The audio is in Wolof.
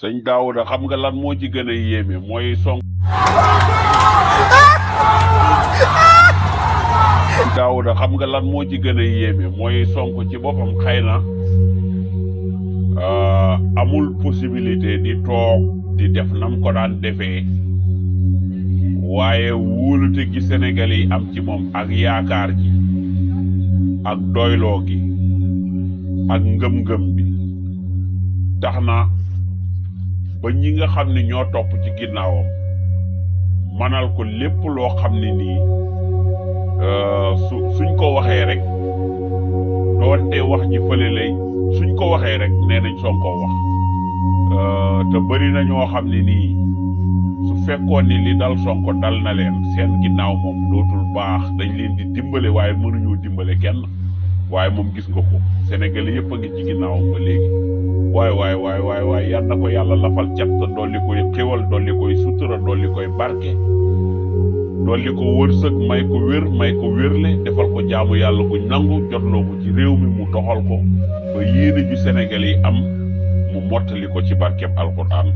sëñ Daouda xam nga lan moo ci gën a yéeme mooy xam nga lan moo ci gën a yéeme mooy Sonko ci boppam xëy na euh, amul possibilité di toog di def nam ko daan defee waaye wóolute gi Sénégal yi am ci moom ak yaakaar ji ak doyloo gi ak ngëm-ngëm bi tax na. ba ñi nga xam ni ñoo topp ci ginnaaw manal ko lépp loo xam ne nii euh, su suñ ko waxee rek doonte wax ji fële lay suñ ko waxee rek nee nañ Sonko wax euh, te bëri na ñoo xam ni nii su fekkoon ni li dal Sonko dal na leen seen ginnaaw moom dootul baax dañ leen di dimbale waaye mënuñoo dimbale kenn waaye moom gis ko ko Sénégalais yëpp a ngi ci ginnaaw ba léegi. waay waay waay waay waay yal na ko yàlla lafal cat dolli koy xéwal dolli koy sutura dolli koy barke dolli ko wërsëg may ko wér may ko wér wérle defal ko jaamu yàlla ko nangu jotloo ko ci réew mi mu doxal ko ba yéene ju Sénégal yi am mu mottali ko ci barkeb alquran